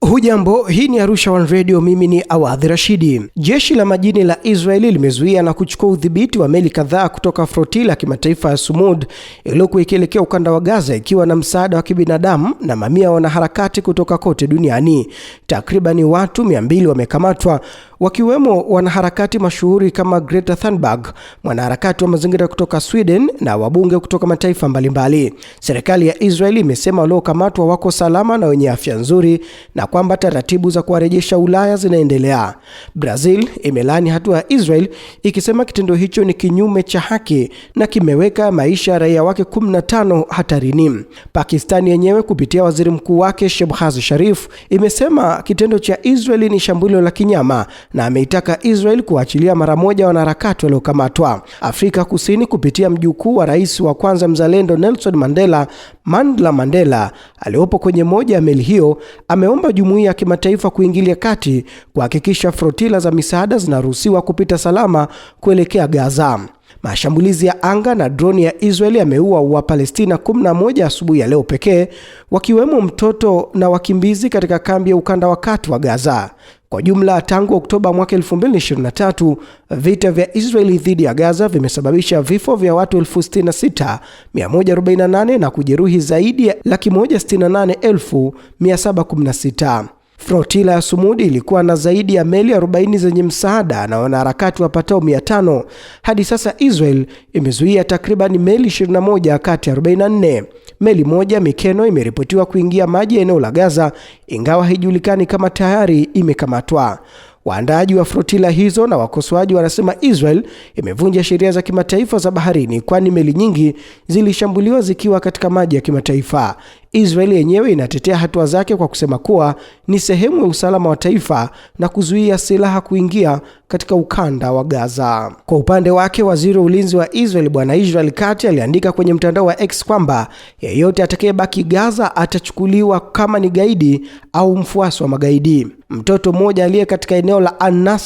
Hujambo, hii ni Arusha One Radio, mimi ni Awadhi Rashidi. Jeshi la majini la Israeli limezuia na kuchukua udhibiti wa meli kadhaa kutoka flotila ya kimataifa ya Sumud iliyokuwa ikielekea ukanda wa Gaza ikiwa na msaada wa kibinadamu na mamia wanaharakati kutoka kote duniani. Takribani watu 200 wamekamatwa wakiwemo wanaharakati mashuhuri kama Greta Thunberg, mwanaharakati wa mazingira kutoka Sweden na wabunge kutoka mataifa mbalimbali. Serikali ya Israeli imesema waliokamatwa wako salama na wenye afya nzuri na kwamba taratibu za kuwarejesha Ulaya zinaendelea. Brazil imelani hatua ya Israel ikisema kitendo hicho ni kinyume cha haki na kimeweka maisha ya raia wake 15 hatarini. Pakistani yenyewe kupitia waziri mkuu wake Shebhaz Sharif imesema kitendo cha Israeli ni shambulio la kinyama na ameitaka Israel kuachilia mara moja wanaharakati waliokamatwa. Afrika Kusini kupitia mjukuu wa rais wa kwanza mzalendo Nelson Mandela, Mandla Mandela, aliyopo kwenye moja ya meli hiyo, ameomba jumuiya ya kimataifa kuingilia kati kuhakikisha frotila za misaada zinaruhusiwa kupita salama kuelekea Gaza. Mashambulizi ya anga na droni ya Israel yameua Wapalestina 11 asubuhi ya leo pekee, wakiwemo mtoto na wakimbizi katika kambi ya ukanda wa kati wa Gaza. Kwa jumla tangu Oktoba mwaka 2023 vita vya Israeli dhidi ya Gaza vimesababisha vifo vya watu 66148 na kujeruhi zaidi ya 168716. Flotila ya Sumudi ilikuwa na zaidi ya meli 40 zenye msaada na wanaharakati wapatao 500. Hadi sasa Israel imezuia takriban meli 21 kati ya 44. Meli moja Mikeno imeripotiwa kuingia maji ya eneo la Gaza, ingawa haijulikani kama tayari imekamatwa. Waandaaji wa flotila hizo na wakosoaji wanasema Israel imevunja sheria za kimataifa za baharini, kwani meli nyingi zilishambuliwa zikiwa katika maji ya kimataifa. Israeli yenyewe inatetea hatua zake kwa kusema kuwa ni sehemu ya usalama wa taifa na kuzuia silaha kuingia katika ukanda wa Gaza. Kwa upande wake, waziri wa ulinzi wa Israel bwana Israel kati aliandika kwenye mtandao wa X kwamba yeyote atakayebaki Gaza atachukuliwa kama ni gaidi au mfuasi wa magaidi. Mtoto mmoja aliye katika eneo la an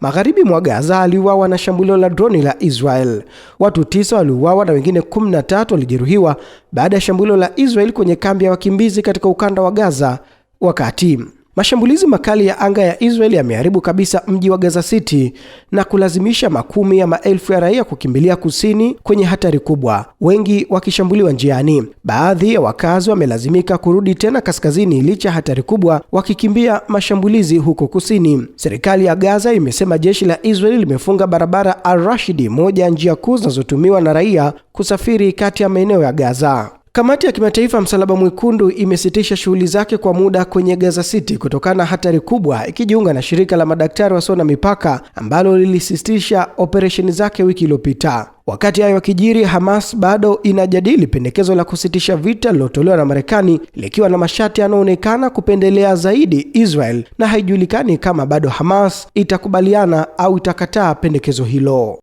magharibi mwa Gaza aliuawa na shambulio la droni la Israel. Watu tisa waliuawa na wengine 13 walijeruhiwa baada ya shambulio la Israel kwenye kwenye kambi ya wakimbizi katika ukanda wa Gaza wakati mashambulizi makali ya anga ya Israel yameharibu kabisa mji wa Gaza City na kulazimisha makumi ya maelfu ya raia kukimbilia kusini kwenye hatari kubwa, wengi wakishambuliwa njiani. Baadhi ya wakazi wamelazimika kurudi tena kaskazini licha hatari kubwa, wakikimbia mashambulizi huko kusini. Serikali ya Gaza imesema jeshi la Israel limefunga barabara Al-Rashidi, moja ya njia kuu zinazotumiwa na raia kusafiri kati ya maeneo ya Gaza. Kamati ya Kimataifa Msalaba Mwekundu imesitisha shughuli zake kwa muda kwenye Gaza City kutokana na hatari kubwa, ikijiunga na shirika la madaktari wasio na mipaka ambalo lilisitisha operesheni zake wiki iliyopita. Wakati hayo wakijiri, Hamas bado inajadili pendekezo la kusitisha vita lilotolewa na Marekani likiwa na masharti yanayoonekana kupendelea zaidi Israel, na haijulikani kama bado Hamas itakubaliana au itakataa pendekezo hilo.